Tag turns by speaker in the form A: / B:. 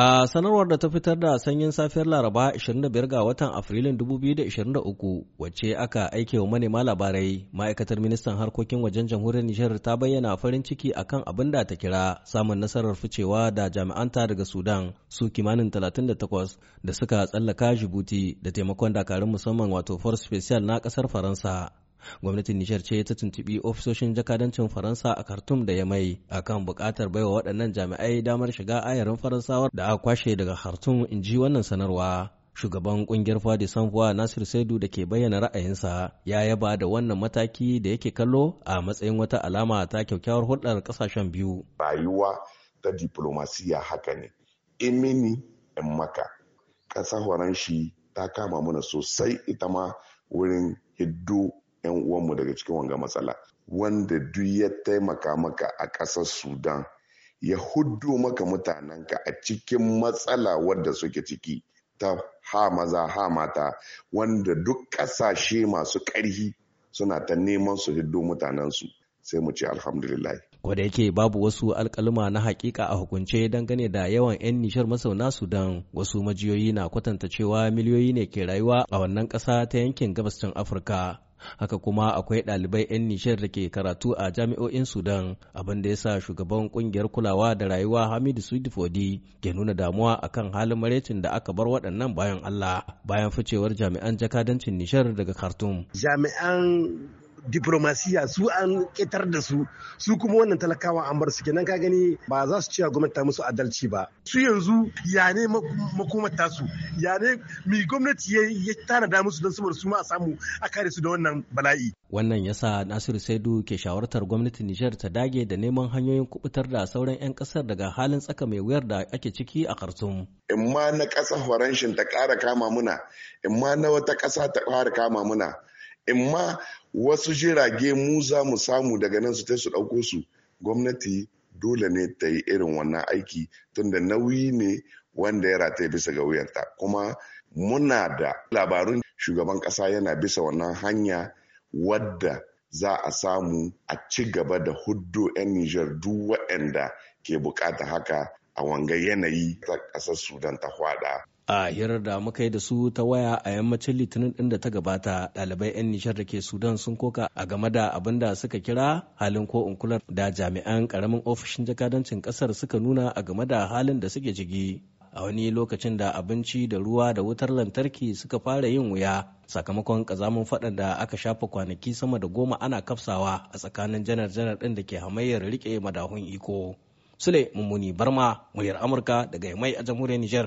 A: A sanarwar da ta fitar da sanyin safiyar Laraba 25 ga watan Afrilun 2023 wacce aka wa manema labarai, ma'aikatar ministan harkokin wajen jamhuriyar Nijar ta bayyana farin ciki akan abin da ta kira samun nasarar ficewa da jami'anta daga Sudan su kimanin 38 da suka tsallaka Jibuti da taimakon dakarun musamman wato Force Special na kasar Faransa. gwamnatin Nijar ce ta tuntubi ofisoshin jakadancin faransa a khartoum da ya mai, a kan buƙatar baiwa waɗannan jami'ai damar shiga ayarin faransawar da aka kwashe daga khartoum in ji wannan sanarwa shugaban ƙungiyar fadi sanfuwa nasir saidu da ke bayyana ra'ayinsa ya yaba da wannan mataki da yake kallo a matsayin wata alama
B: ta kyakkyawar hulɗar ƙasashen biyu rayuwa ta diplomasiya haka ne imini in maka ƙasa horon shi ta kama mana sosai ita ma wurin hiddu 'yan uwanmu daga cikin wanga matsala wanda duk ya taimaka maka a ƙasar sudan ya huddo maka mutanenka a cikin matsala wadda suke ciki ta ha maza ha mata wanda duk ƙasashe masu ƙarhi suna ta neman su hiddo mutanensu sai mu ce alhamdulillah
A: da yake babu wasu alkaluma na hakika a hukunce dangane da yawan 'yan nishar masauna sudan wasu majiyoyi na kwatanta cewa miliyoyi ne ke rayuwa a wannan ƙasa ta yankin gabas afirka haka kuma akwai ɗalibai 'yan nishar da ke karatu a jami'o'in sudan abin da ya sa shugaban kungiyar kulawa da rayuwa hamidu sudifodi ke nuna damuwa akan halin maraicin da aka bar waɗannan bayan allah bayan ficewar jami'an jakadancin nishar daga khartoum
B: jami'an diplomasiya su an ƙetar da su su kuma wannan talakawa an bar su kenan ka gani ba za su ce gwamnati ta musu adalci ba su yanzu ya ne makomar su ya ne mai gwamnati ya tanada musu don saboda su ma a samu a kare su da wannan bala'i
A: wannan yasa nasiru saidu ke shawartar gwamnatin nijar ta dage da neman hanyoyin kubutar da sauran 'yan kasar daga halin tsaka mai wuyar da ake ciki a khartoum
B: in ma na kasa horanshin ta kara kama muna in ma na wata kasa ta kara kama muna imma wasu jirage mu za mu samu daga nan su ta su ɗauko su gwamnati dole ne ta yi irin wannan aiki tunda nauyi ne wanda ya rataye bisa ga wuyanta. kuma muna da labarun shugaban ƙasa yana bisa wannan hanya wadda za a samu a ci gaba da huddo 'yan Nijar duk waɗanda ke bukata haka a wanga yanayi ta ƙasar Sudan ta hwada.
A: a hirar da muka yi da su ta waya a yammacin litinin din da ta gabata ɗalibai 'yan nishar da ke sudan sun koka a game da abin da suka kira halin ko unkular da jami'an karamin ofishin jakadancin ƙasar suka nuna a game da halin da suke jigi a wani lokacin da abinci da ruwa da wutar lantarki suka fara yin wuya sakamakon kazamin faɗan da aka shafa kwanaki sama da goma ana kafsawa a tsakanin janar-janar ɗin da ke hamayyar rike madahun iko sule mummuni barma muryar amurka daga mai a jamhuriyar Nijar.